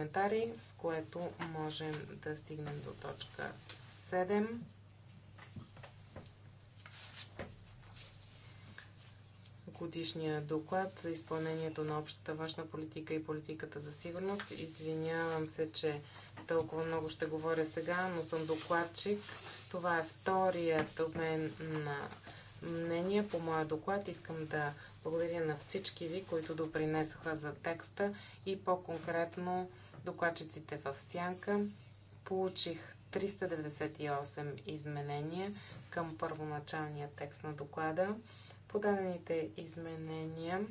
коментари, с което можем да стигнем до точка 7. годишния доклад за изпълнението на общата външна политика и политиката за сигурност. Извинявам се, че толкова много ще говоря сега, но съм докладчик. Това е вторият обмен на мнение по моя доклад. Искам да благодаря на всички ви, които допринесоха за текста и по-конкретно докладчиците в сянка. Получих 398 изменения към първоначалния текст на доклада. Подадените изменения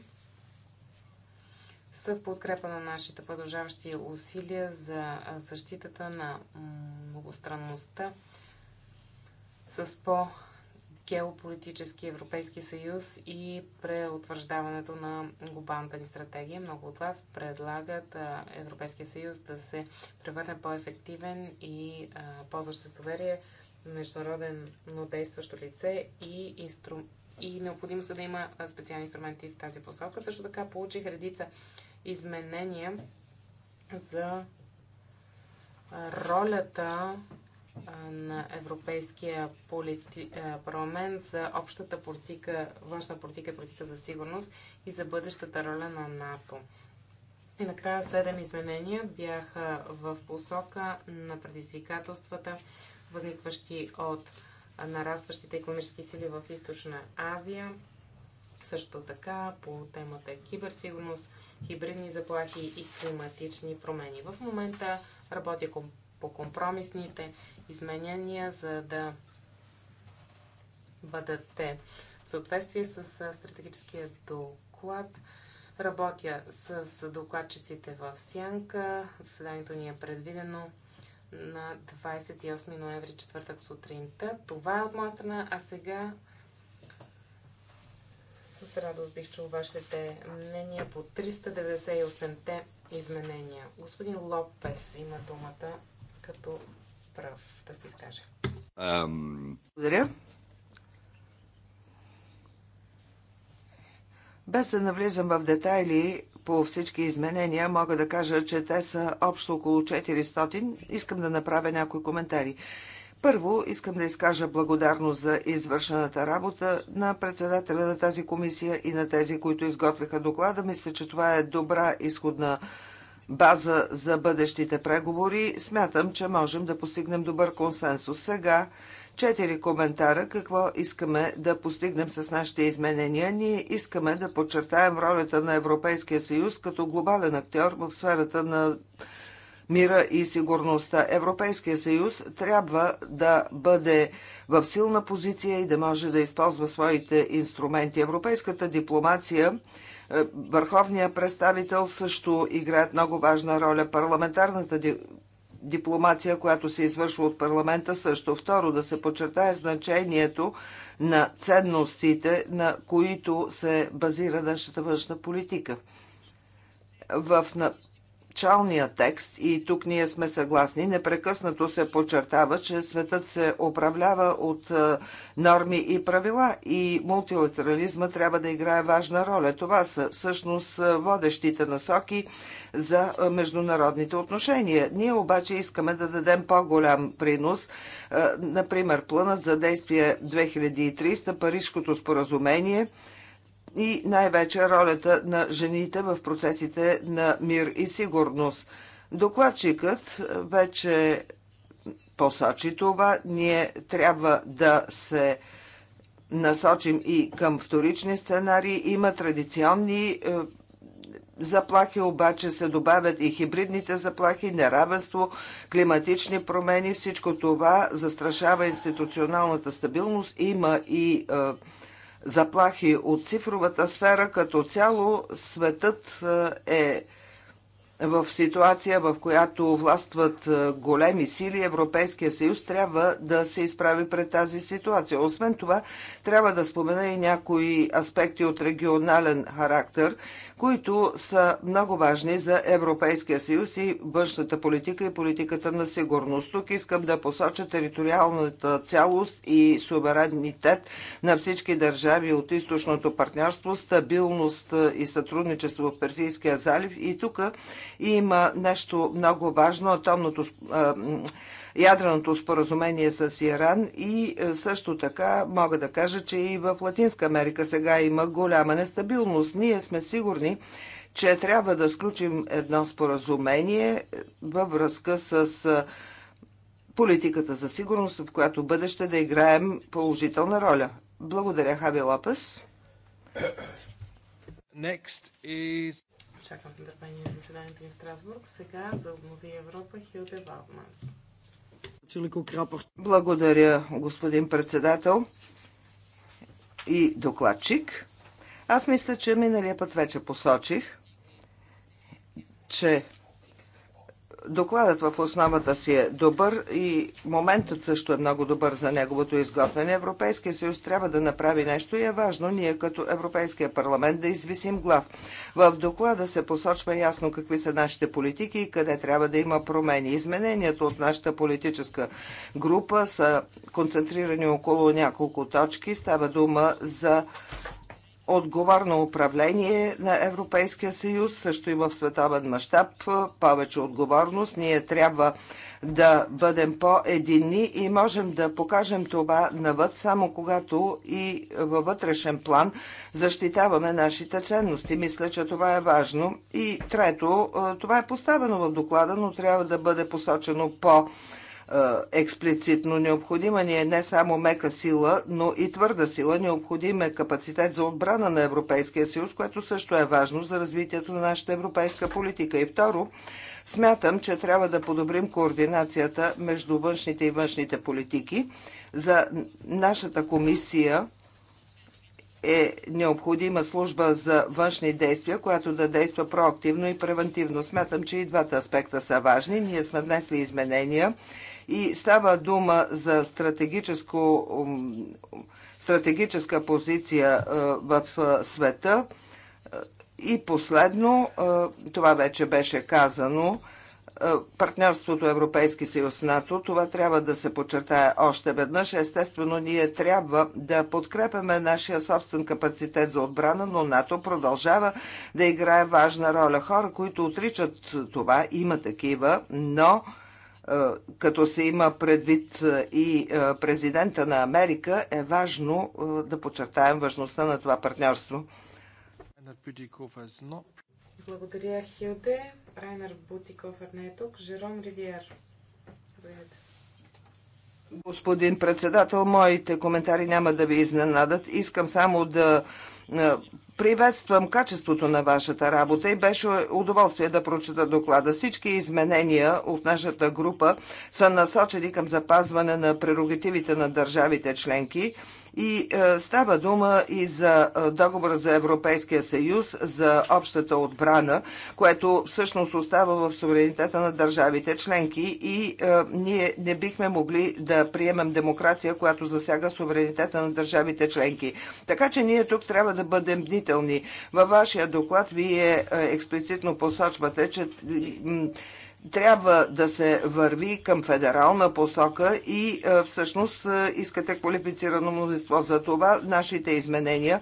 са в подкрепа на нашите продължаващи усилия за защитата на многостранността с по- геополитически Европейски съюз и преутвърждаването на глобалната ни стратегия. Много от вас предлагат Европейския съюз да се превърне по-ефективен и ползващ с доверие международен, но действащо лице и инстру... и необходимо са да има специални инструменти в тази посока. Също така получих редица изменения за ролята на Европейския полити... парламент за общата политика, външна политика и политика за сигурност и за бъдещата роля на НАТО. И накрая седем изменения бяха в посока на предизвикателствата, възникващи от нарастващите економически сили в Източна Азия, също така по темата киберсигурност, хибридни заплахи и климатични промени. В момента работя по компромисните изменения, за да бъдат те. В съответствие с стратегическия доклад работя с докладчиците в Сянка. Заседанието ни е предвидено на 28 ноември, четвъртък сутринта. Това е от моя страна, а сега с радост бих чул вашите мнения по 398-те изменения. Господин Лопес има думата като прав да се изкаже. Ам... Благодаря. Без да навлизам в детайли по всички изменения, мога да кажа, че те са общо около 400. Искам да направя някои коментари. Първо, искам да изкажа благодарност за извършената работа на председателя на тази комисия и на тези, които изготвиха доклада. Мисля, че това е добра изходна база за бъдещите преговори, смятам, че можем да постигнем добър консенсус. Сега четири коментара какво искаме да постигнем с нашите изменения. Ние искаме да подчертаем ролята на Европейския съюз като глобален актьор в сферата на мира и сигурността. Европейския съюз трябва да бъде в силна позиция и да може да използва своите инструменти. Европейската дипломация е, върховният представител също играят много важна роля. Парламентарната дипломация, която се извършва от парламента също. Второ, да се подчертае значението на ценностите, на които се базира нашата външна политика. В началния текст, и тук ние сме съгласни, непрекъснато се подчертава, че светът се управлява от е, норми и правила и мултилатерализма трябва да играе важна роля. Това са всъщност е, водещите насоки за е, международните отношения. Ние обаче искаме да дадем по-голям принос. Например, планът за действие 2300, Парижското споразумение – и най-вече ролята на жените в процесите на мир и сигурност. Докладчикът вече посочи това. Ние трябва да се насочим и към вторични сценарии. Има традиционни е, заплахи, обаче се добавят и хибридните заплахи, неравенство, климатични промени. Всичко това застрашава институционалната стабилност. Има и е, заплахи от цифровата сфера, като цяло светът е, е в ситуация, в която властват е, големи сили, Европейския съюз трябва да се изправи пред тази ситуация. Освен това, трябва да спомена и някои аспекти от регионален характер – които са много важни за Европейския съюз и външната политика и политиката на сигурност. Тук искам да посоча териториалната цялост и суверенитет на всички държави от източното партньорство, стабилност и сътрудничество в Персийския залив. И тук има нещо много важно. Атомното ядреното споразумение с Иран и е, също така мога да кажа, че и в Латинска Америка сега има голяма нестабилност. Ние сме сигурни, че трябва да сключим едно споразумение е, във връзка с е, политиката за сигурност, в която бъдеще да играем положителна роля. Благодаря, Хаби Лопес. Next is... Чакам с нетърпение заседанието ни в Страсбург. Сега за обнови Европа Хилде Валмас. Благодаря, господин председател и докладчик. Аз мисля, че миналия път вече посочих, че Докладът в основата си е добър и моментът също е много добър за неговото изготвяне. Европейския съюз трябва да направи нещо и е важно ние като Европейския парламент да извисим глас. В доклада се посочва ясно какви са нашите политики и къде трябва да има промени. Измененията от нашата политическа група са концентрирани около няколко точки. Става дума за отговорно управление на Европейския съюз, също и в световен мащаб, повече отговорност. Ние трябва да бъдем по-единни и можем да покажем това навъд само когато и във вътрешен план защитаваме нашите ценности. Мисля, че това е важно. И трето, това е поставено в доклада, но трябва да бъде посочено по- е, експлицитно. Необходима ни е не само мека сила, но и твърда сила. Необходим е капацитет за отбрана на Европейския съюз, което също е важно за развитието на нашата европейска политика. И второ, смятам, че трябва да подобрим координацията между външните и външните политики. За нашата комисия е необходима служба за външни действия, която да действа проактивно и превентивно. Смятам, че и двата аспекта са важни. Ние сме внесли изменения и става дума за стратегическо, стратегическа позиция е, в е, света. И последно, е, това вече беше казано, партньорството Европейски съюз НАТО, това трябва да се подчертае още веднъж. Естествено, ние трябва да подкрепяме нашия собствен капацитет за отбрана, но НАТО продължава да играе важна роля. Хора, които отричат това, има такива, но е, като се има предвид е, и е, президента на Америка, е важно да подчертаем важността на това партньорство. Благодаря, Хилде. Райнер е не е тук. Жером Ривиер. Заповядайте. Господин председател, моите коментари няма да ви изненадат. Искам само да Приветствам качеството на вашата работа и беше удоволствие да прочета доклада. Всички изменения от нашата група са насочени към запазване на прерогативите на държавите членки – и е, става дума и за е, договора за Европейския съюз, за общата отбрана, което всъщност остава в суверенитета на държавите членки и е, ние не бихме могли да приемем демокрация, която засяга суверенитета на държавите членки. Така че ние тук трябва да бъдем бдителни. Във вашия доклад вие е, експлицитно посочвате, че трябва да се върви към федерална посока и е, всъщност е, искате квалифицирано множество. За това нашите изменения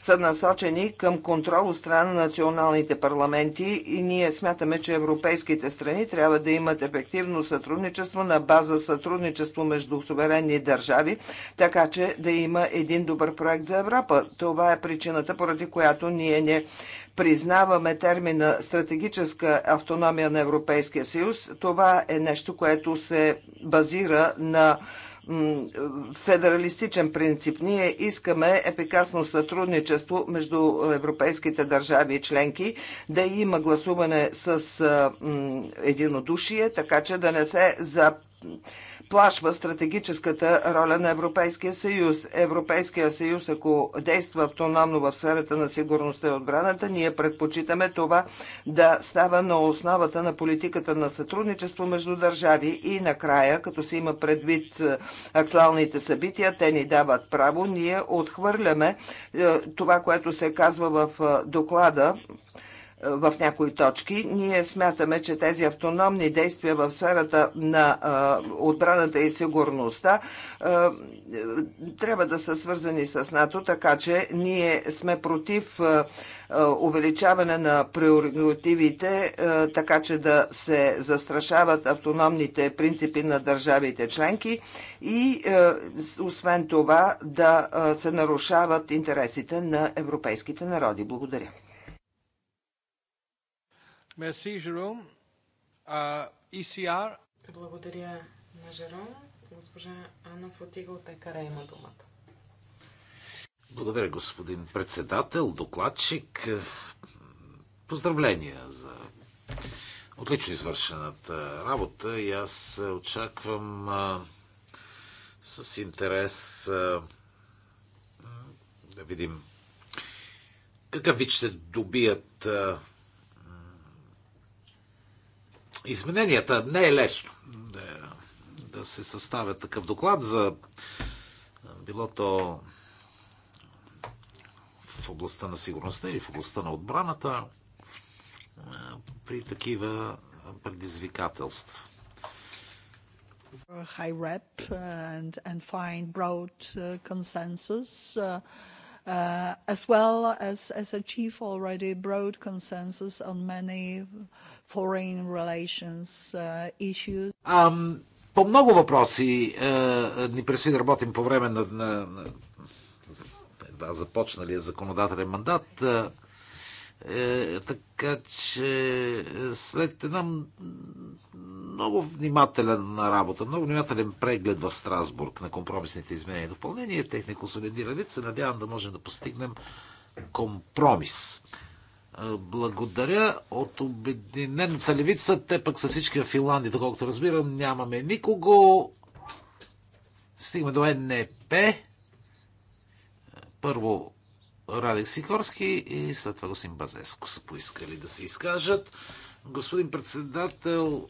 са насочени към контрол от страна на националните парламенти и ние смятаме, че европейските страни трябва да имат ефективно сътрудничество на база сътрудничество между суверенни държави, така че да има един добър проект за Европа. Това е причината, поради която ние не признаваме термина стратегическа автономия на Европейския съюз, това е нещо, което се базира на федералистичен принцип. Ние искаме ефикасно сътрудничество между европейските държави и членки, да има гласуване с единодушие, така че да не се за подплашва стратегическата роля на Европейския съюз. Европейския съюз, ако действа автономно в сферата на сигурността и отбраната, ние предпочитаме това да става на основата на политиката на сътрудничество между държави и накрая, като се има предвид е, актуалните събития, те ни дават право, ние отхвърляме е, това, което се казва в е, доклада, в някои точки. Ние смятаме, че тези автономни действия в сферата на отбраната и сигурността трябва да са свързани с НАТО, така че ние сме против увеличаване на приоритивите, така че да се застрашават автономните принципи на държавите членки и освен това да се нарушават интересите на европейските народи. Благодаря. Мерси, Uh, ECR. Благодаря на Жером. Госпожа Анна Фотига от Екара има думата. Благодаря, господин председател, докладчик. Поздравления за отлично извършената работа и аз очаквам а, с интерес а, да видим какъв вид ще добият а, измененията. Не е лесно да да се съставя такъв доклад за било то в областта на сигурността или в областта на отбраната при такива предизвикателства. High rep uh, and, and find broad uh, consensus, uh, uh, as well as, as achieve already broad consensus on many uh, foreign relations uh, issues. Um, по много въпроси uh, ни предстои да работим по време на, на, на едва започналия законодателен мандат. е, е така че след една много внимателна работа, много внимателен преглед в Страсбург на компромисните изменения и допълнения, техни консолидиран вид, се надявам да можем да постигнем компромис. Благодаря. От Обединената левица, те пък са всички в Финландия, доколкото разбирам, нямаме никого. Стигаме до НП. Първо Радик Сикорски и след това господин Базеско са поискали да се изкажат. Господин председател,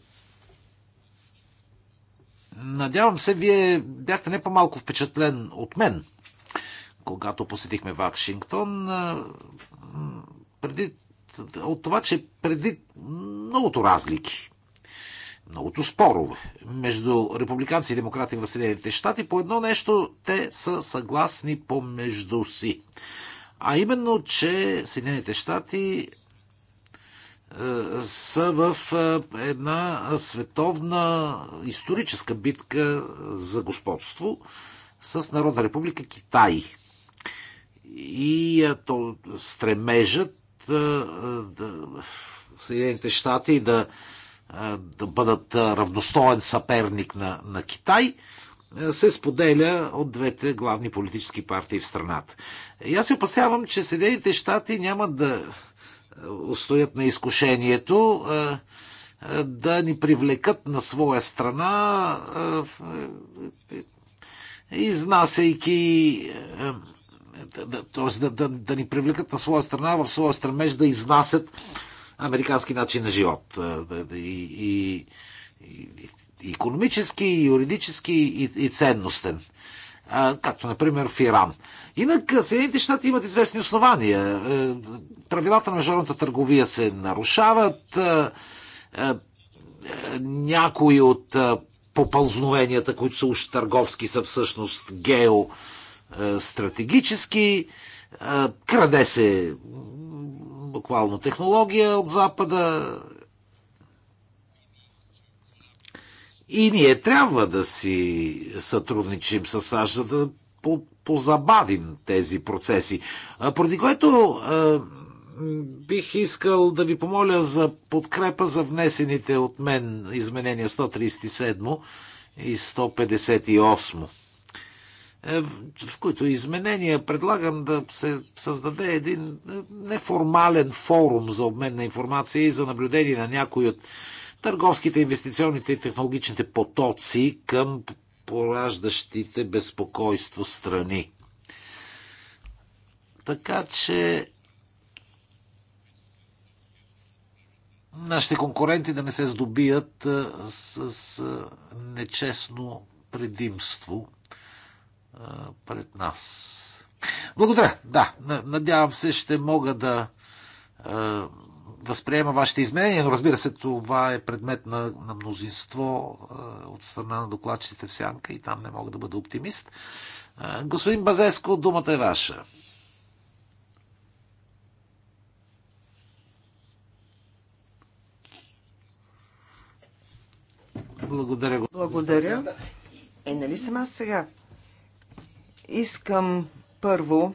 надявам се, вие бяхте не по-малко впечатлен от мен, когато посетихме Вашингтон преди, от това, че преди многото разлики, многото спорове между републиканци и демократи в Съединените щати, по едно нещо те са съгласни помежду си. А именно, че Съединените щати е, са в е, една световна историческа битка за господство с Народна република Китай. И е, то стремежът Съединените щати да, да бъдат равностоен съперник на, на Китай, се споделя от двете главни политически партии в страната. И аз се опасявам, че Съединените щати няма да устоят на изкушението да ни привлекат на своя страна, изнасяйки да, т.е. Да, да, да ни привлекат на своя страна, в своя стремеж да изнасят американски начин на живот. Е, и, и, и, и економически, и юридически, и, и ценностен. Както, например, в Иран. Инак Съединените щати имат известни основания. Е, правилата на международната търговия се нарушават. Е, някои от попълзновенията, които са уж търговски, са всъщност гео стратегически, краде се буквално технология от Запада. И ние трябва да си сътрудничим с САЩ, за да позабавим тези процеси. Поради което бих искал да ви помоля за подкрепа за внесените от мен изменения 137 и 158. Е, в които изменения предлагам да се създаде един е, неформален форум за обмен на информация и за наблюдение на някои от търговските, инвестиционните и технологичните потоци към пораждащите безпокойство страни. Така че нашите конкуренти да не се здобият е, с, с нечестно предимство пред нас. Благодаря. Да, надявам се, ще мога да е, възприема вашите изменения, но разбира се, това е предмет на, на мнозинство е, от страна на докладчиците в Сянка и там не мога да бъда оптимист. Е, господин Базеско, думата е ваша. Благодаря. Благодаря. Е, нали съм аз сега? Искам първо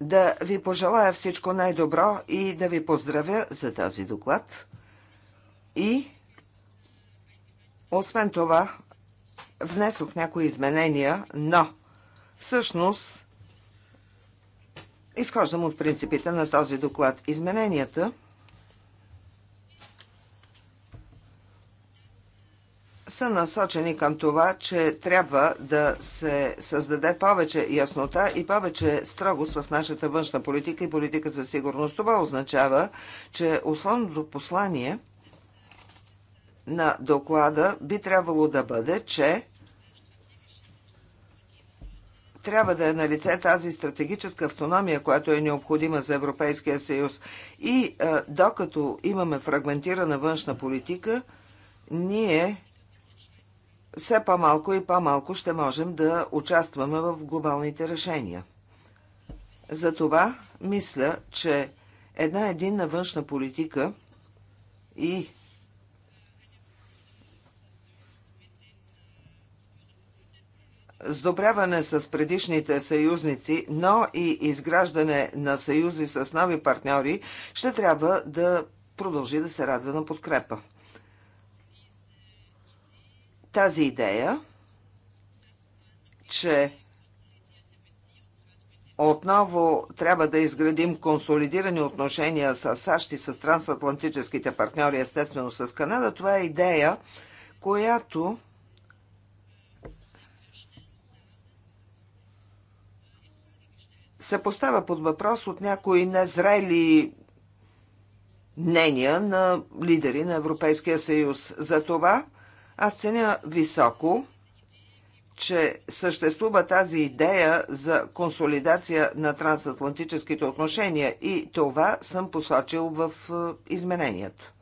да ви пожелая всичко най-добро и да ви поздравя за този доклад. И освен това, внесох някои изменения, но всъщност изхождам от принципите на този доклад. Измененията – са насочени към това, че трябва да се създаде повече яснота и повече строгост в нашата външна политика и политика за сигурност. Това означава, че основното послание на доклада би трябвало да бъде, че трябва да е на лице тази стратегическа автономия, която е необходима за Европейския съюз. И докато имаме фрагментирана външна политика, ние все по-малко и по-малко ще можем да участваме в глобалните решения. Затова мисля, че една единна външна политика и сдобряване с предишните съюзници, но и изграждане на съюзи с нови партньори ще трябва да продължи да се радва на подкрепа тази идея, че отново трябва да изградим консолидирани отношения с САЩ и с трансатлантическите партньори, естествено с Канада. Това е идея, която се поставя под въпрос от някои незрели мнения на лидери на Европейския съюз. За това аз ценя високо, че съществува тази идея за консолидация на трансатлантическите отношения и това съм посочил в е, измененията.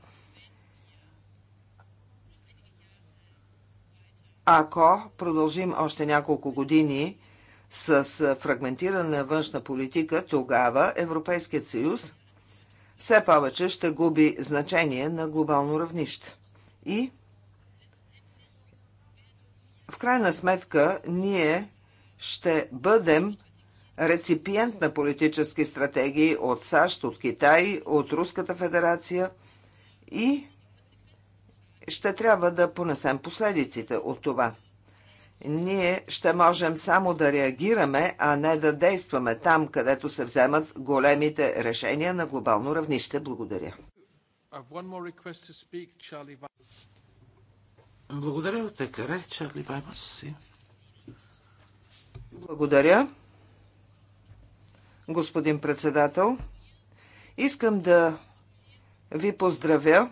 Ако продължим още няколко години с е, фрагментирана външна политика, тогава Европейският съюз все повече ще губи значение на глобално равнище. И в крайна сметка ние ще бъдем реципиент на политически стратегии от САЩ, от Китай, от Руската федерация и ще трябва да понесем последиците от това. Ние ще можем само да реагираме, а не да действаме там, където се вземат големите решения на глобално равнище. Благодаря. Благодаря от Екаре, Чарли Баймас си. Благодаря, господин председател. Искам да ви поздравя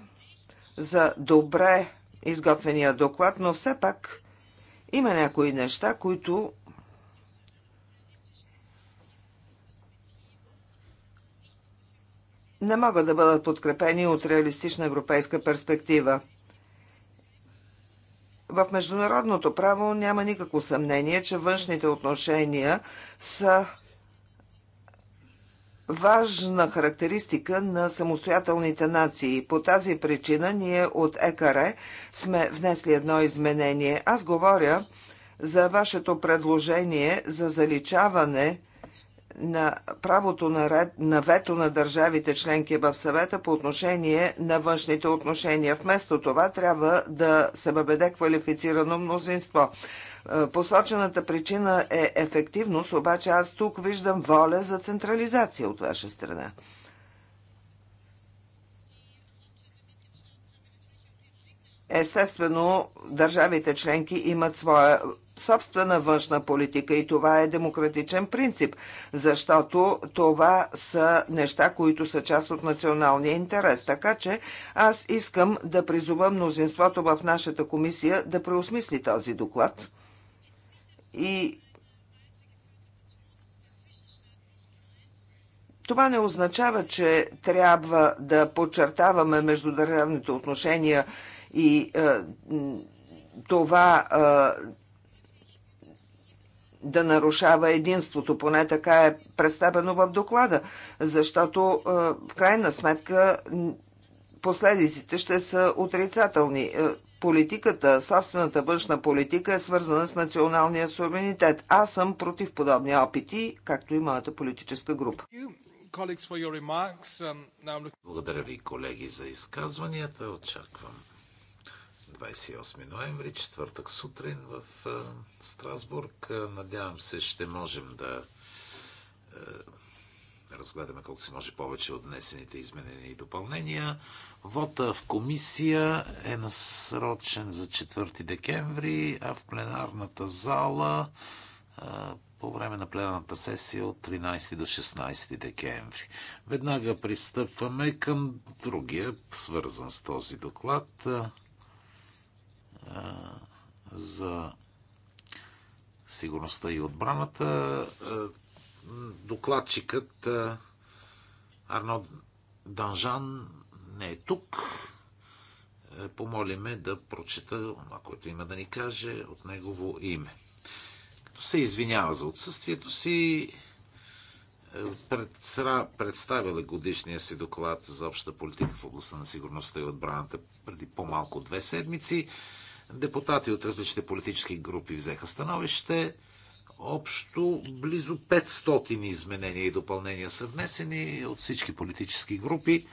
за добре изготвения доклад, но все пак има някои неща, които не могат да бъдат подкрепени от реалистична европейска перспектива. В международното право няма никакво съмнение, че външните отношения са важна характеристика на самостоятелните нации. По тази причина ние от ЕКАРЕ сме внесли едно изменение. Аз говоря за вашето предложение за заличаване на правото на, ред, на вето на държавите членки в съвета по отношение на външните отношения. Вместо това трябва да се въведе квалифицирано мнозинство. Е, посочената причина е ефективност, обаче аз тук виждам воля за централизация от ваша страна. Естествено, държавите членки имат своя собствена външна политика и това е демократичен принцип, защото това са неща, които са част от националния интерес. Така че аз искам да призова мнозинството в нашата комисия да преосмисли този доклад и Това не означава, че трябва да подчертаваме междудържавните отношения и е, това е, да нарушава единството, поне така е представено в доклада, защото е, в крайна сметка последиците ще са отрицателни. Е, политиката, собствената външна политика е свързана с националния суверенитет. Аз съм против подобни опити, както и моята политическа група. Um, Благодаря ви, колеги, за изказванията. Очаквам 28 ноември, четвъртък сутрин в Страсбург. Надявам се, ще можем да разгледаме колко се може повече от днесените изменения и допълнения. Вота в комисия е насрочен за 4 декември, а в пленарната зала по време на пленарната сесия от 13 до 16 декември. Веднага пристъпваме към другия, свързан с този доклад за сигурността и отбраната. Докладчикът Арно Данжан не е тук. Е, помолиме да прочета това, което има да ни каже от негово име. Като се извинява за отсъствието си, е, представила годишния си доклад за общата политика в областта на сигурността и отбраната преди по-малко две седмици. Депутати от различните политически групи взеха становище. Общо близо 500 изменения и допълнения са внесени от всички политически групи.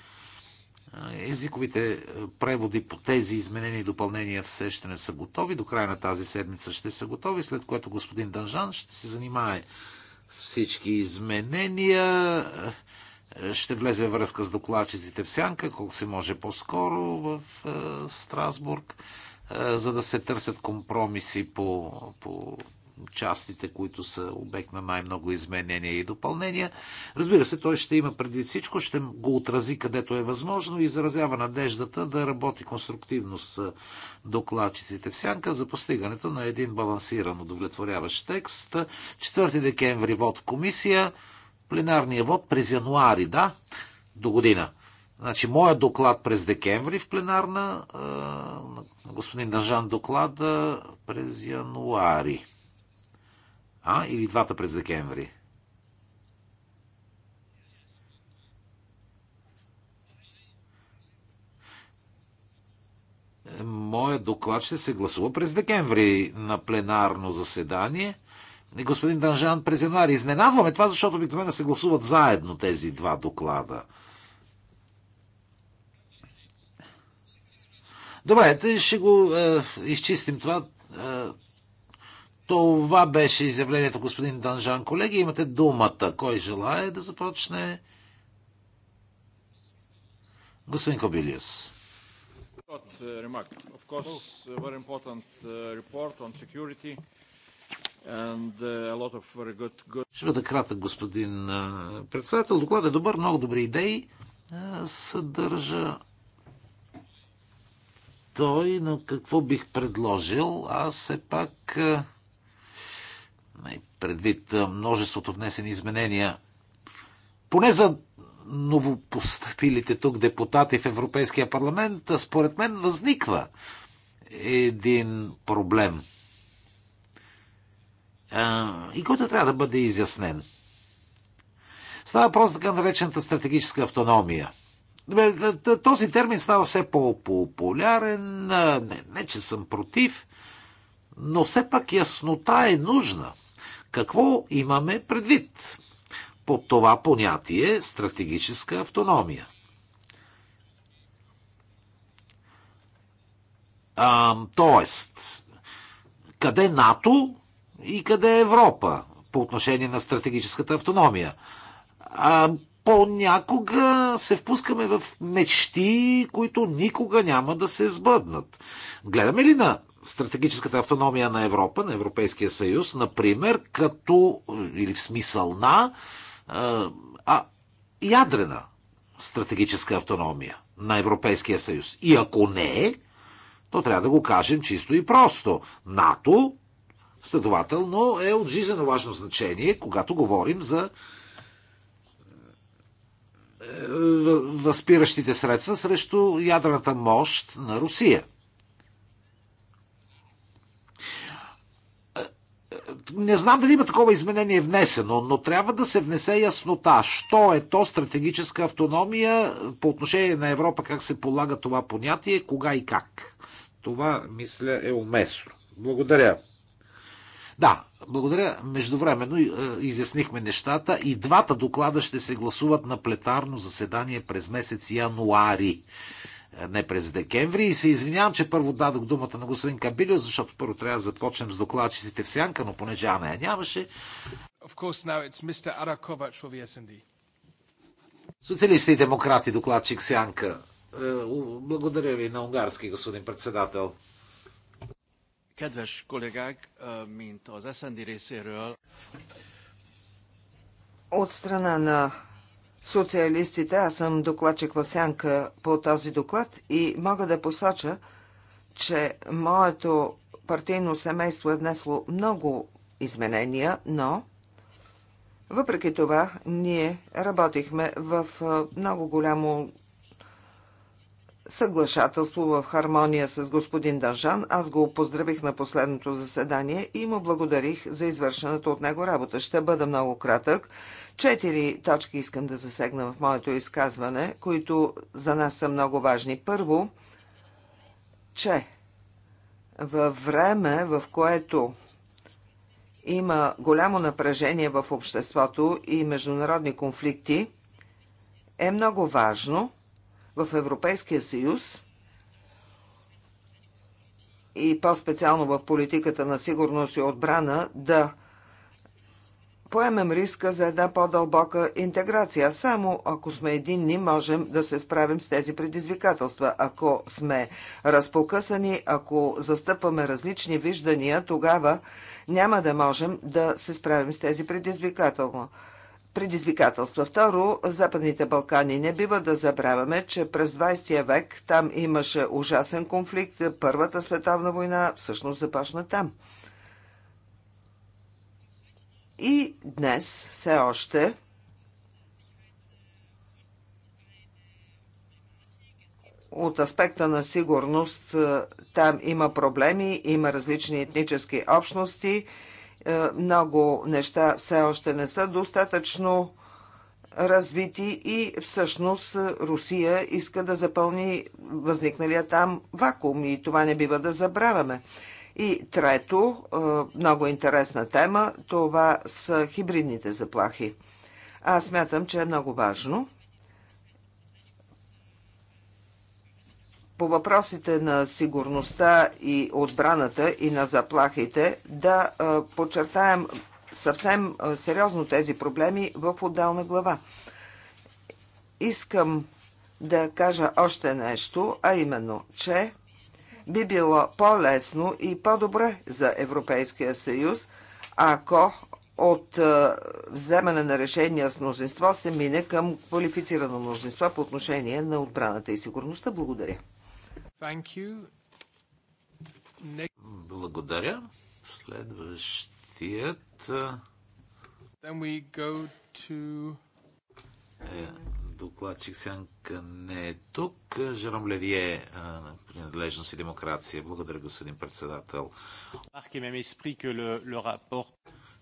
Езиковите е, преводи по тези изменения и допълнения все ще не са готови. До края на тази седмица ще са готови, след което господин Дънжан ще се занимае с всички изменения. Е, ще влезе връзка с докладчиците в Сянка, колко се може по-скоро в е, Страсбург за да се търсят компромиси по, по частите, които са обект на най-много изменения и допълнения. Разбира се, той ще има преди всичко, ще го отрази където е възможно и изразява надеждата да работи конструктивно с докладчиците в сянка за постигането на един балансиран, удовлетворяващ текст. 4 декември вод в комисия, пленарния вод през януари, да, до година. Значи, моя доклад през декември в пленарна, а, господин Държан доклада през януари. А, или двата през декември? Моят доклад ще се гласува през декември на пленарно заседание. И господин Данжан през януари. Изненадваме това, защото обикновено се гласуват заедно тези два доклада – Добре, тъй ще го е, изчистим това. Е, това беше изявлението, господин Данжан. Колеги, имате думата. Кой желая да започне? Господин Кобилиус. Ще бъда кратък, господин е, председател. Доклад е добър, много добри идеи. Е, съдържа той, но какво бих предложил? Аз все пак, предвид множеството внесени изменения, поне за новопостъпилите тук депутати в Европейския парламент, според мен възниква един проблем. И който трябва да бъде изяснен. Става просто така наречената стратегическа автономия – този термин става все по-популярен. Не, не, че съм против, но все пак яснота е нужна. Какво имаме предвид под това понятие стратегическа автономия? А, тоест, къде НАТО и къде Европа по отношение на стратегическата автономия? А, понякога се впускаме в мечти, които никога няма да се сбъднат. Гледаме ли на стратегическата автономия на Европа, на Европейския съюз, например, като или в смисъл на а, ядрена стратегическа автономия на Европейския съюз. И ако не, то трябва да го кажем чисто и просто. НАТО, следователно, е от жизнено важно значение, когато говорим за възпиращите средства срещу ядрената мощ на Русия. Не знам дали има такова изменение внесено, но трябва да се внесе яснота, що е то стратегическа автономия по отношение на Европа, как се полага това понятие, кога и как. Това, мисля, е уместно. Благодаря. Да, благодаря. Междувременно е, изяснихме нещата и двата доклада ще се гласуват на плетарно заседание през месец януари е, не през декември. И се извинявам, че първо дадох думата на господин Кабилио, защото първо трябва да започнем с докладчиците в сянка, но понеже Ана я нямаше. Социалисти и демократи, докладчик сянка. Е, благодаря ви на унгарски, господин председател. Kedves kollégák, mint az SND részéről... От страна на социалистите, аз съм докладчик в сянка по този доклад и мога да посоча, че моето партийно семейство е внесло много изменения, но въпреки това ние работихме в много голямо съглашателство в хармония с господин Държан. Аз го поздравих на последното заседание и му благодарих за извършената от него работа. Ще бъда много кратък. Четири точки искам да засегна в моето изказване, които за нас са много важни. Първо, че във време, в което има голямо напрежение в обществото и международни конфликти, е много важно – в Европейския съюз и по-специално в политиката на сигурност и отбрана да поемем риска за една по-дълбока интеграция. Само ако сме единни, можем да се справим с тези предизвикателства. Ако сме разпокъсани, ако застъпваме различни виждания, тогава няма да можем да се справим с тези предизвикателства предизвикателства. Второ, Западните Балкани. Не бива да забравяме, че през 20 век там имаше ужасен конфликт. Първата световна война всъщност започна там. И днес все още от аспекта на сигурност е, там има проблеми, има различни етнически общности – е, много неща все още не са достатъчно развити и всъщност Русия иска да запълни възникналия там вакуум и това не бива да забравяме. И трето, е, много интересна тема, това са хибридните заплахи. Аз смятам, че е много важно – по въпросите на сигурността и отбраната и на заплахите да подчертаем съвсем сериозно тези проблеми в отделна глава. Искам да кажа още нещо, а именно, че би било по-лесно и по-добре за Европейския съюз, ако от вземане на решения с мнозинство се мине към квалифицирано мнозинство по отношение на отбраната и сигурността. Благодаря. Благодаря. Следващият. Then we go to... Е, докладчик Сянка не е тук. Жером Левие, е, принадлежност и демокрация. Благодаря, господин председател.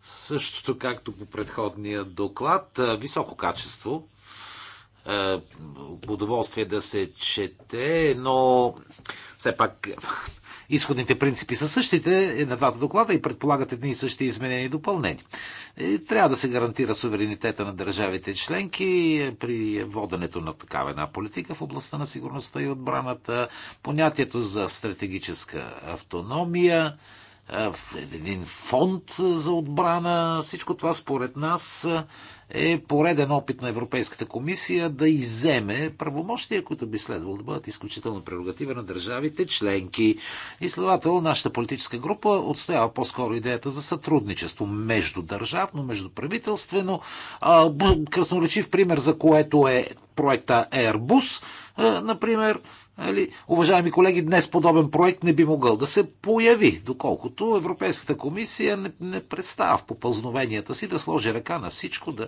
Същото както по предходния доклад, високо качество е, удоволствие да се чете, но все пак изходните принципи са същите е, на двата доклада и предполагат едни и същи изменения и допълнения. Трябва да се гарантира суверенитета на държавите членки е, при воденето на такава една политика в областта на сигурността и отбраната, понятието за стратегическа автономия, един фонд за отбрана, всичко това според нас е пореден опит на Европейската комисия да иземе правомощия, които би следвало да бъдат изключително прерогатива на държавите членки. И следователно, нашата политическа група отстоява по-скоро идеята за сътрудничество между държавно, между правителствено. Красноречив пример за което е проекта Airbus, например, Нали? Уважаеми колеги, днес подобен проект не би могъл да се появи, доколкото Европейската комисия не, не представя в попълзновенията си да сложи ръка на всичко, да,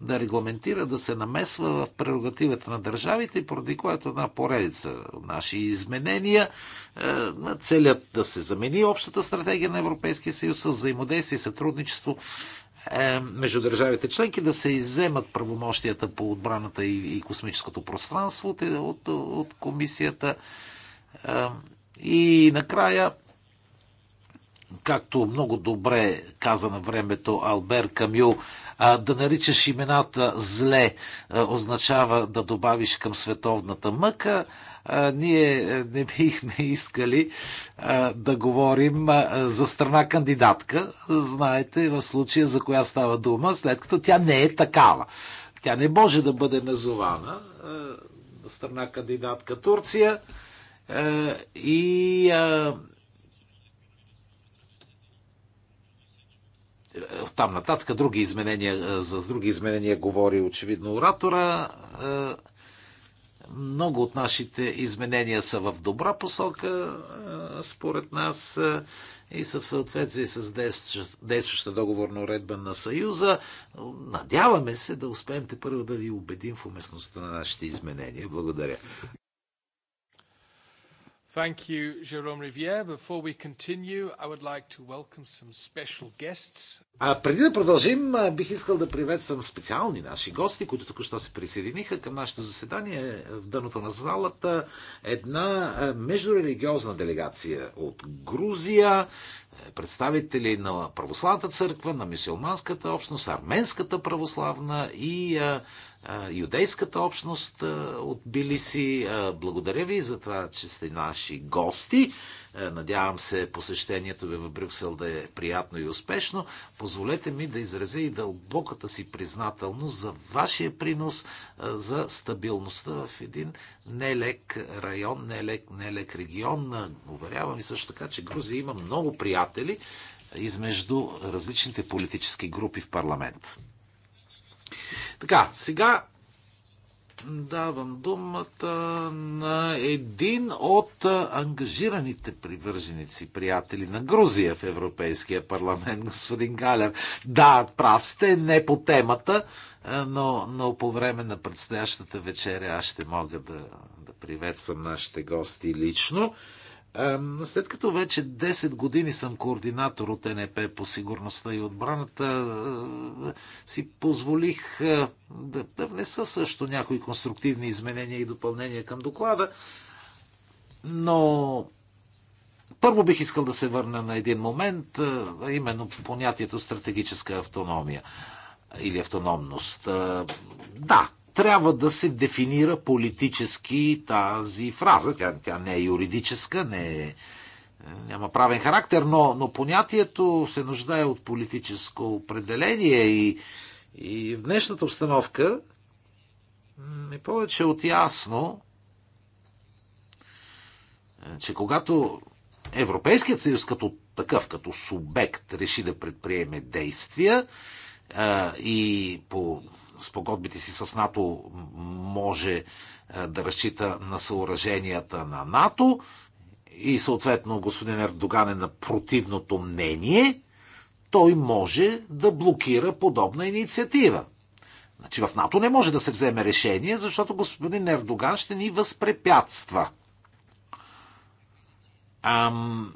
да регламентира, да се намесва в прерогативата на държавите, поради което една поредица наши изменения е, целят да се замени общата стратегия на Европейския съюз с взаимодействие и сътрудничество е, между държавите членки да се изземат правомощията по отбраната и, космическото пространство от, от, от комисията. Е, и накрая, както много добре каза на времето Албер Камю, е, да наричаш имената зле означава да добавиш към световната мъка, ние е, не бихме искали да говорим за страна кандидатка. Знаете в случая за коя става дума, след като тя не е такава. Тя не може да бъде назована страна кандидатка Турция и там нататък други изменения, за други изменения говори очевидно оратора. Много от нашите изменения са в добра посока, според нас, и са в съответствие с действаща договорна уредба на Съюза. Надяваме се да успеем те първо да ви убедим в уместността на нашите изменения. Благодаря. Thank you, Jérôme Rivière. Before we continue, I would like to welcome some special guests. А преди да продължим, бих искал да приветствам специални наши гости, които току-що се присъединиха към нашето заседание е, в дъното на залата. Една междурелигиозна делегация от Грузия, представители на православната църква, на мисиоманската общност, арменската православна и а, а, юдейската общност а, от Билиси. А, благодаря ви за това, че сте наши гости. Е, надявам се посещението ви в Брюксел да е приятно и успешно. Позволете ми да изразя и дълбоката си признателност за вашия принос е, за стабилността в един нелек район, нелек, нелек регион. Е, уверявам и също така, че Грузия има много приятели измежду различните политически групи в парламент. Така, сега Давам думата на един от ангажираните привърженици, приятели на Грузия в Европейския парламент, господин Галер. Да, прав сте, не по темата, но, но по време на предстоящата вечеря аз ще мога да, да приветствам нашите гости лично. След като вече 10 години съм координатор от НП по сигурността и отбраната, си позволих да, да внеса също някои конструктивни изменения и допълнения към доклада, но първо бих искал да се върна на един момент, а именно понятието стратегическа автономия или автономност. Да, трябва да се дефинира политически тази фраза. Тя, тя не е юридическа, не е, е, няма правен характер, но, но понятието се нуждае от политическо определение и, и в днешната обстановка е повече от ясно, е, че когато Европейският съюз като такъв, като субект реши да предприеме действия е, и по спогодбите си с НАТО може е, да разчита на съоръженията на НАТО и съответно господин Ердоган е на противното мнение, той може да блокира подобна инициатива. Значи в НАТО не може да се вземе решение, защото господин Ердоган ще ни възпрепятства. Ам,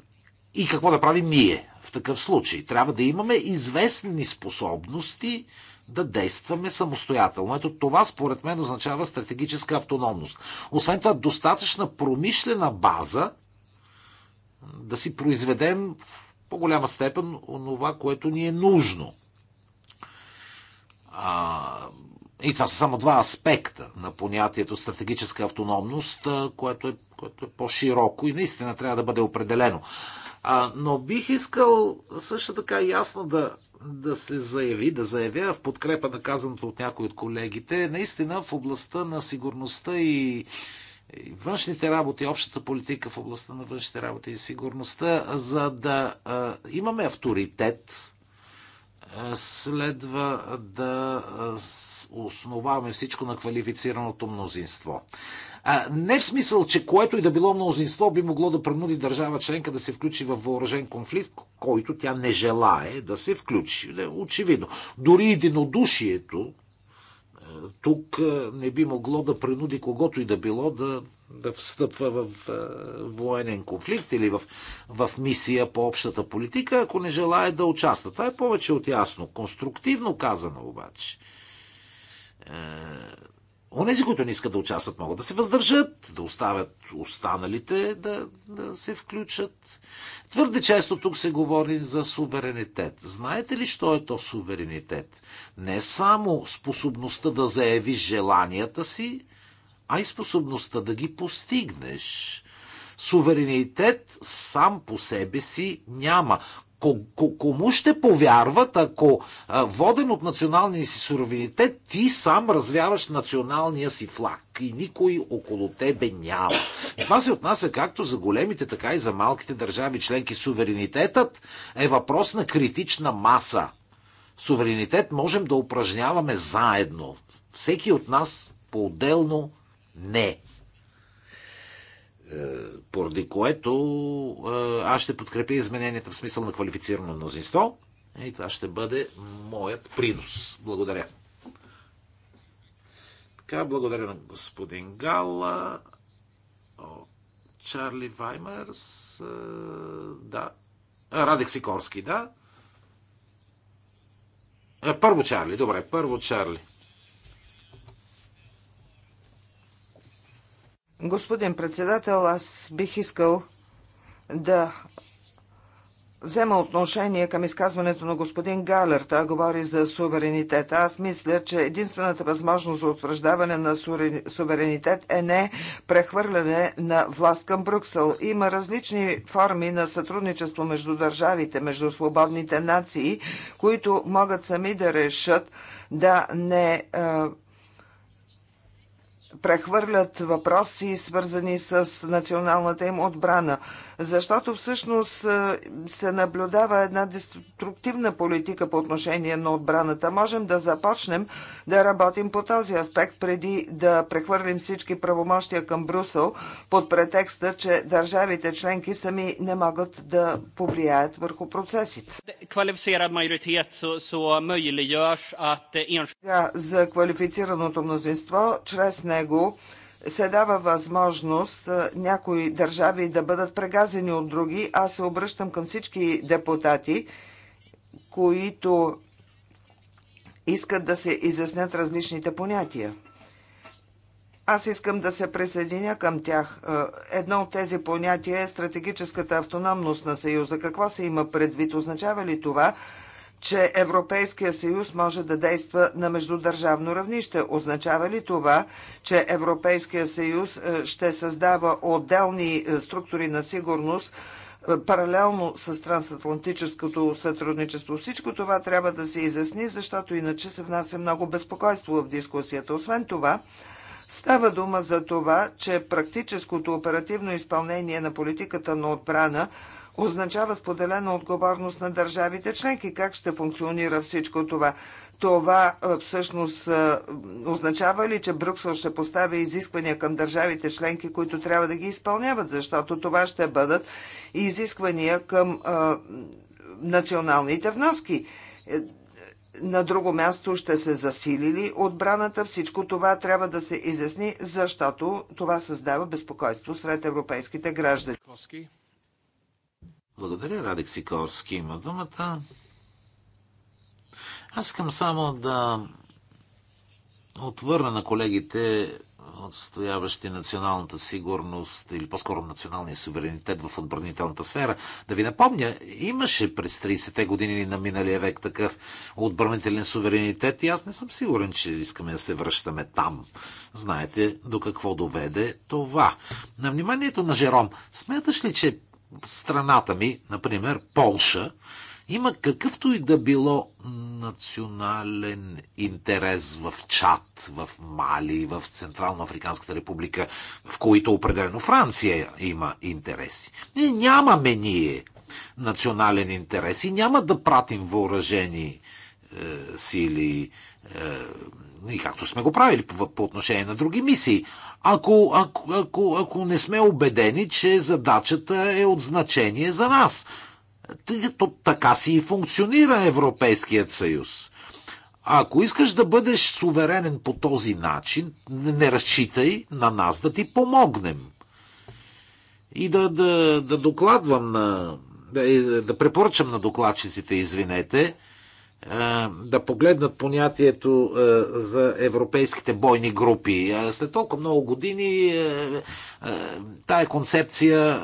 и какво да правим ние в такъв случай? Трябва да имаме известни способности, да действаме самостоятелно. Ето това според мен означава стратегическа автономност. Освен това, достатъчна промишлена база да си произведем в по-голяма степен онова, което ни е нужно. А, и това са само два аспекта на понятието стратегическа автономност, което е, което е по-широко и наистина трябва да бъде определено. А, но бих искал също така ясно да да се заяви, да заявя в подкрепа на казаното от някои от колегите, наистина в областта на сигурността и външните работи, общата политика в областта на външните работи и сигурността, за да а, имаме авторитет следва да основаваме всичко на квалифицираното мнозинство. А, не в смисъл, че което и да било мнозинство би могло да принуди държава членка да се включи в въоръжен конфликт, който тя не желае да се включи. Е, очевидно. Дори единодушието тук е, не би могло да принуди когото и да било да, да встъпва в е, военен конфликт или в, в мисия по общата политика, ако не желая да участва. Това е повече от ясно. Конструктивно казано обаче е, Онези, които не искат да участват, могат да се въздържат, да оставят останалите да, да се включат. Твърде често тук се говори за суверенитет. Знаете ли, що е то суверенитет? Не само способността да заявиш желанията си, а и способността да ги постигнеш. Суверенитет сам по себе си няма кому ще повярват, ако воден от националния си суровинитет, ти сам развяваш националния си флаг и никой около тебе няма. И това се отнася както за големите, така и за малките държави членки. Суверенитетът е въпрос на критична маса. Суверенитет можем да упражняваме заедно. Всеки от нас по-отделно не. Е, поради което е, аз ще подкрепя измененията в смисъл на квалифицирано мнозинство. И това ще бъде моят принос. Благодаря. Така, благодаря на господин Гала. Чарли Ваймерс. Е, да. Радек Сикорски, да. Първо Чарли, добре, първо Чарли. Господин председател, аз бих искал да взема отношение към изказването на господин Галер. Той говори за суверенитет. Аз мисля, че единствената възможност за утвърждаване на суверенитет е не прехвърляне на власт към Брюксел. Има различни форми на сътрудничество между държавите, между свободните нации, които могат сами да решат да не е, прехвърлят въпроси, свързани с националната им отбрана, защото всъщност е, се наблюдава една деструктивна политика по отношение на отбраната. Можем да започнем да работим по този аспект, преди да прехвърлим всички правомощия към Брусел, под претекста, че държавите членки сами не могат да повлияят върху процесите. За квалифицираното мнозинство, чрез не него се дава възможност някои държави да бъдат прегазени от други. Аз се обръщам към всички депутати, които искат да се изяснят различните понятия. Аз искам да се присъединя към тях. Едно от тези понятия е стратегическата автономност на Съюза. Какво се има предвид? Означава ли това, че Европейския съюз може да действа на междудържавно равнище. Означава ли това, че Европейския съюз е, ще създава отделни е, структури на сигурност, е, паралелно с трансатлантическото сътрудничество. Всичко това трябва да се изясни, защото иначе се внася много безпокойство в дискусията. Освен това, става дума за това, че практическото оперативно изпълнение на политиката на отбрана – означава споделена отговорност на държавите членки. Как ще функционира всичко това? Това е, всъщност е, означава ли, че Брюксел ще поставя изисквания към държавите членки, които трябва да ги изпълняват? Защото това ще бъдат изисквания към а, е, националните вноски. На друго място ще се засили ли отбраната? Всичко това трябва да се изясни, защото това създава безпокойство сред европейските граждани. Благодаря, Радик Сикорски има думата. Аз искам само да отвърна на колегите, отстояващи националната сигурност или по-скоро националния суверенитет в отбранителната сфера. Да ви напомня, имаше през 30-те години на миналия век такъв отбранителен суверенитет и аз не съм сигурен, че искаме да се връщаме там. Знаете до какво доведе това. На вниманието на Жером, смяташ ли, че страната ми, например Полша, има какъвто и да било национален интерес в Чад, в Мали, в Централно Африканската република, в които определено Франция има интереси. И нямаме ние национален интерес и няма да пратим въоръжени е, сили, е, и както сме го правили по, по отношение на други мисии ако, ако, ако, ако не сме убедени, че задачата е от значение за нас. така си и функционира Европейският съюз. А ако искаш да бъдеш суверенен по този начин, не разчитай на нас да ти помогнем. И да, да, да докладвам на. Да, е, да препоръчам на докладчиците, извинете, да погледнат понятието за европейските бойни групи. След толкова много години тая концепция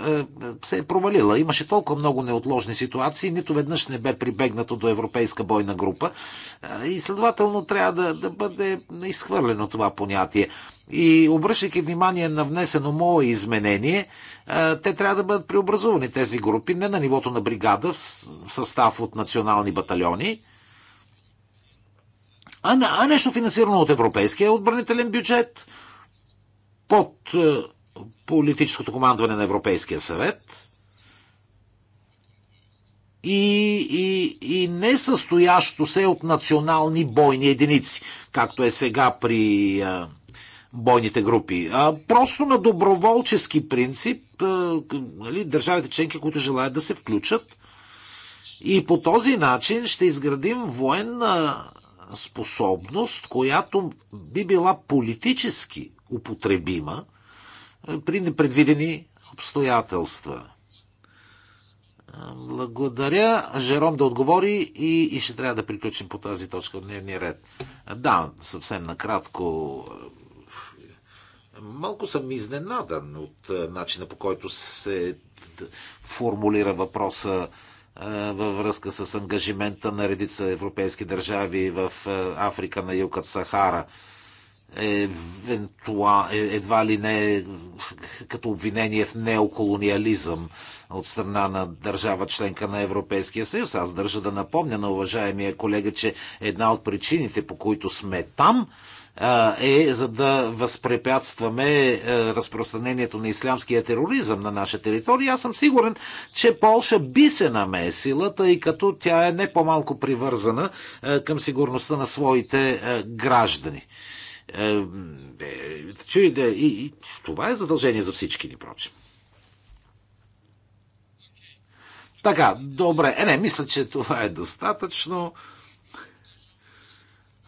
се е провалила. Имаше толкова много неотложни ситуации, нито веднъж не бе прибегнато до европейска бойна група. И следователно трябва да, да бъде изхвърлено това понятие. И обръщайки внимание на внесено мое изменение, те трябва да бъдат преобразувани тези групи не на нивото на бригада в състав от национални батальони, а, а нещо финансирано от европейския отбранителен бюджет под е, политическото командване на Европейския съвет и, и, и не състоящо се от национални бойни единици, както е сега при а, е, бойните групи. А, просто на доброволчески принцип а, е, нали, държавите членки, които желаят да се включат. И по този начин ще изградим военна способност, която би била политически употребима е, при непредвидени обстоятелства. Е, благодаря. Жером да отговори и, и ще трябва да приключим по тази точка от дневния ред. Да, съвсем накратко. Е, малко съм изненадан от начина по който се формулира въпроса във връзка с ангажимента на редица европейски държави в Африка на юг от Сахара. Е, евентуа, е, едва ли не като обвинение в неоколониализъм от страна на държава членка на Европейския съюз. Аз държа да напомня на уважаемия колега, че една от причините, по които сме там, е за да възпрепятстваме е, разпространението на ислямския тероризъм на наша територия. Аз съм сигурен, че Полша би се намесила, тъй като тя е не по-малко привързана е, към сигурността на своите е, граждани. Чуйте, и, и това е задължение за всички ни, прочим. Така, добре. Е, не, мисля, че това е достатъчно.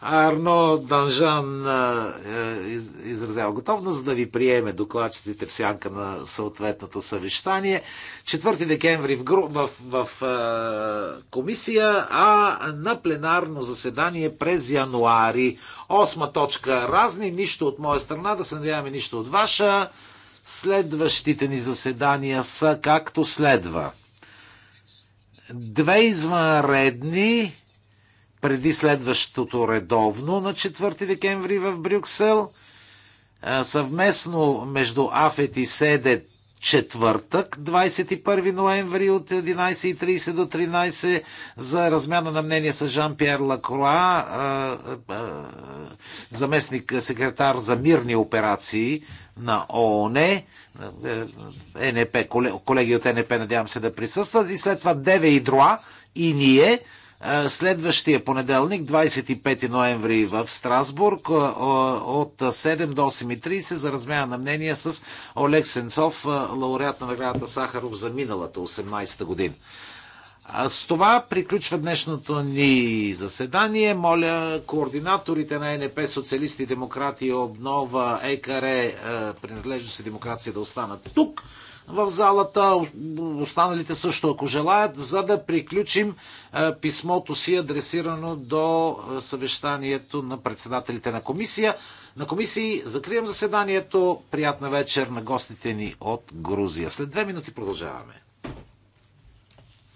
Арно Данжан е, изразява готовност да ви приеме докладчиците в сянка на съответното съвещание. 4 декември в, в, в, в комисия, а на пленарно заседание през януари. Осма точка разни, нищо от моя страна, да се надяваме нищо от ваша. Следващите ни заседания са както следва. Две извънредни преди следващото редовно на 4 декември в Брюксел. Съвместно между АФЕТ и СЕДЕ четвъртък, 21 ноември от 11.30 до 13 за размяна на мнение с Жан-Пьер Лакроа, заместник секретар за мирни операции на ООН, е, е, НП, колеги от НП надявам се да присъстват и след това Деве и Друа и ние е, следващия понеделник, 25 ноември в Страсбург, е, от 7 до 8.30 за размяна на мнение с Олег Сенцов, е, лауреат на наградата Сахаров за миналата 18-та година. А с това приключва днешното ни заседание. Моля координаторите на НП, социалисти, демократи, обнова, ЕКР, принадлежност и демокрация да останат тук в залата, останалите също, ако желаят, за да приключим писмото си, адресирано до съвещанието на председателите на комисия. На комисии закрием заседанието. Приятна вечер на гостите ни от Грузия. След две минути продължаваме.